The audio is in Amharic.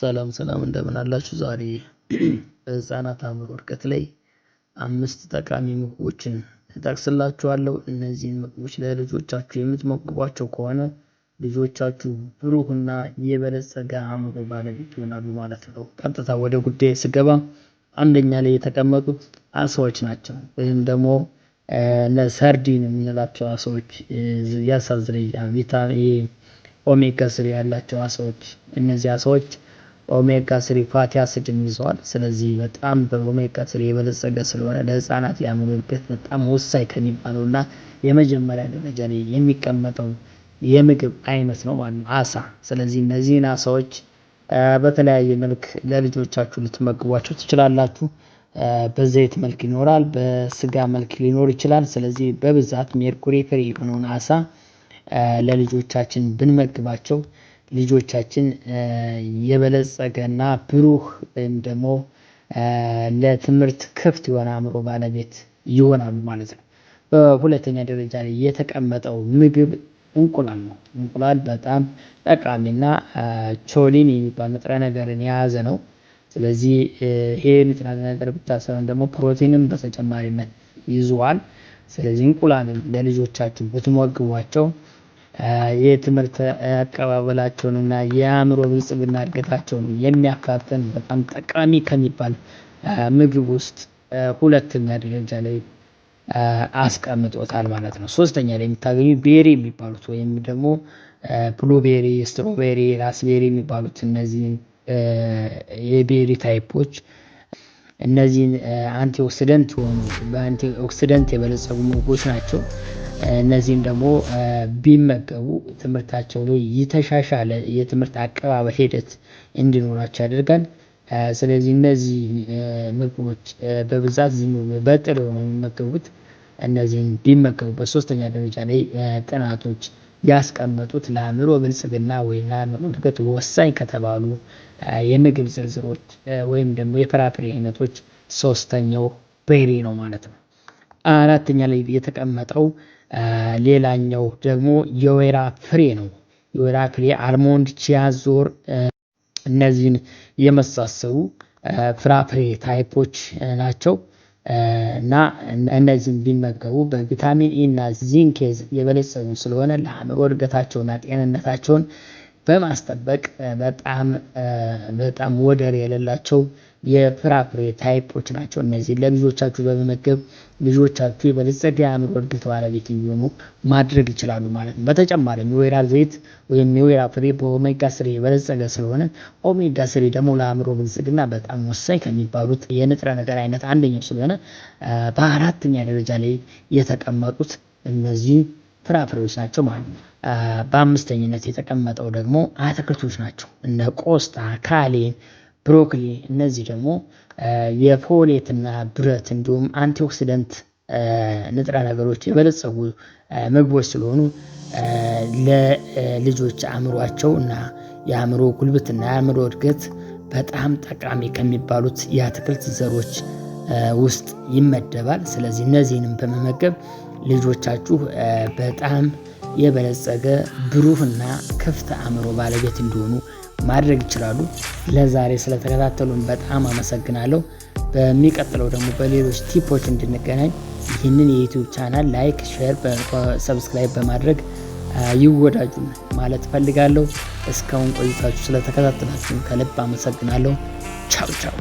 ሰላም ሰላም እንደምን አላችሁ። ዛሬ በህፃናት አእምሮ እድገት ላይ አምስት ጠቃሚ ምግቦችን እጠቅስላችኋለሁ። እነዚህን ምግቦች ለልጆቻችሁ የምትመግቧቸው ከሆነ ልጆቻችሁ ብሩህና የበለጸገ አእምሮ ባለቤት ይሆናሉ ማለት ነው። ቀጥታ ወደ ጉዳይ ስገባ አንደኛ ላይ የተቀመጡት አሳዎች ናቸው። ወይም ደግሞ ለሰርዲን የምንላቸው አሳዎች ያሳዝለኛል። ኦሜጋ ስሪ ያላቸው አሳዎች እነዚህ አሳዎች ኦሜጋ ስሪ ፋቲ አሲድን ይዘዋል። ስለዚህ በጣም በኦሜጋ ስሪ የበለጸገ ስለሆነ ለህፃናት የአእምሮ እድገት በጣም ወሳኝ ከሚባለውና የመጀመሪያ ደረጃ ላይ የሚቀመጠው የምግብ አይነት ነው ማለት ነው አሳ። ስለዚህ እነዚህን አሳዎች በተለያየ መልክ ለልጆቻችሁ ልትመግቧቸው ትችላላችሁ። በዘይት መልክ ይኖራል፣ በስጋ መልክ ሊኖር ይችላል። ስለዚህ በብዛት ሜርኩሪ ፍሪ የሆነውን አሳ ለልጆቻችን ብንመግባቸው ልጆቻችን የበለፀገና ብሩህ ወይም ደግሞ ለትምህርት ክፍት የሆነ አእምሮ ባለቤት ይሆናሉ ማለት ነው። በሁለተኛ ደረጃ ላይ የተቀመጠው ምግብ እንቁላል ነው። እንቁላል በጣም ጠቃሚና ቾሊን የሚባል ንጥረ ነገርን የያዘ ነው። ስለዚህ ይሄ ንጥረ ነገር ብቻ ሳይሆን ደግሞ ፕሮቲንም በተጨማሪነት ይዟል። ስለዚህ እንቁላልን ለልጆቻችሁ ብትመግቧቸው የትምህርት አቀባበላቸውንና የአእምሮ ብልጽግና እድገታቸውን የሚያፋጥን በጣም ጠቃሚ ከሚባል ምግብ ውስጥ ሁለተኛ ደረጃ ላይ አስቀምጦታል ማለት ነው። ሶስተኛ ላይ የምታገኙ ቤሪ የሚባሉት ወይም ደግሞ ብሉቤሪ፣ ስትሮቤሪ፣ ራስቤሪ የሚባሉት እነዚህ የቤሪ ታይፖች እነዚህን አንቲኦክሲደንት የሆኑ በአንቲኦክሲደንት የበለጸጉ ምግቦች ናቸው። እነዚህም ደግሞ ቢመገቡ ትምህርታቸው ላይ የተሻሻለ የትምህርት አቀባበል ሂደት እንዲኖራቸው ያደርጋል። ስለዚህ እነዚህ ምግቦች በብዛት ዝም በጥሬ ነው የሚመገቡት። እነዚህን ቢመገቡ በሶስተኛ ደረጃ ላይ ጥናቶች ያስቀመጡት ለአእምሮ ብልጽግና ወይም ለአእምሮ እድገት ወሳኝ ከተባሉ የምግብ ዝርዝሮች ወይም ደግሞ የፍራፍሬ አይነቶች ሶስተኛው በይሬ ነው ማለት ነው። አራተኛ ላይ የተቀመጠው ሌላኛው ደግሞ የወይራ ፍሬ ነው። የወይራ ፍሬ፣ አልሞንድ፣ ቺያዞር እነዚህን የመሳሰሉ ፍራፍሬ ታይፖች ናቸው። እና እነዚህም ቢመገቡ በቪታሚን ኢ እና ዚንክ የበለፀጉ ስለሆነ ለአእምሮ እድገታቸውና ጤንነታቸውን በማስጠበቅ በጣም በጣም ወደር የሌላቸው የፍራፍሬ ታይፖች ናቸው። እነዚህ ለልጆቻችሁ በመመገብ ልጆቻችሁ የበለጸገ የአእምሮ እድገት ባለቤት እንዲሆኑ ማድረግ ይችላሉ ማለት ነው። በተጨማሪም የወይራ ዘይት ወይም የወይራ ፍሬ በኦሜጋ ስሪ የበለጸገ ስለሆነ ኦሜጋ ስሪ ደግሞ ለአእምሮ ብልጽግና በጣም ወሳኝ ከሚባሉት የንጥረ ነገር አይነት አንደኛው ስለሆነ በአራተኛ ደረጃ ላይ የተቀመጡት እነዚህ ፍራፍሬዎች ናቸው ማለት ነው። በአምስተኝነት የተቀመጠው ደግሞ አትክልቶች ናቸው እነ ቆስጣ፣ ካሌን፣ ብሮኮሊ እነዚህ ደግሞ የፎሌትና ብረት እንዲሁም አንቲኦክሲደንት ንጥረ ነገሮች የበለፀጉ ምግቦች ስለሆኑ ለልጆች አእምሯቸው እና የአእምሮ ጉልበትና የአእምሮ እድገት በጣም ጠቃሚ ከሚባሉት የአትክልት ዘሮች ውስጥ ይመደባል። ስለዚህ እነዚህንም በመመገብ ልጆቻችሁ በጣም የበለጸገ ብሩህና ክፍት አእምሮ ባለቤት እንዲሆኑ ማድረግ ይችላሉ። ለዛሬ ስለተከታተሉን በጣም አመሰግናለሁ። በሚቀጥለው ደግሞ በሌሎች ቲፖች እንድንገናኝ ይህንን የዩቲዩብ ቻናል ላይክ፣ ሼር፣ ሰብስክራይብ በማድረግ ይወዳጁ ማለት እፈልጋለሁ። እስካሁን ቆይታችሁ ስለተከታተላችሁ ከልብ አመሰግናለሁ። ቻው ቻው።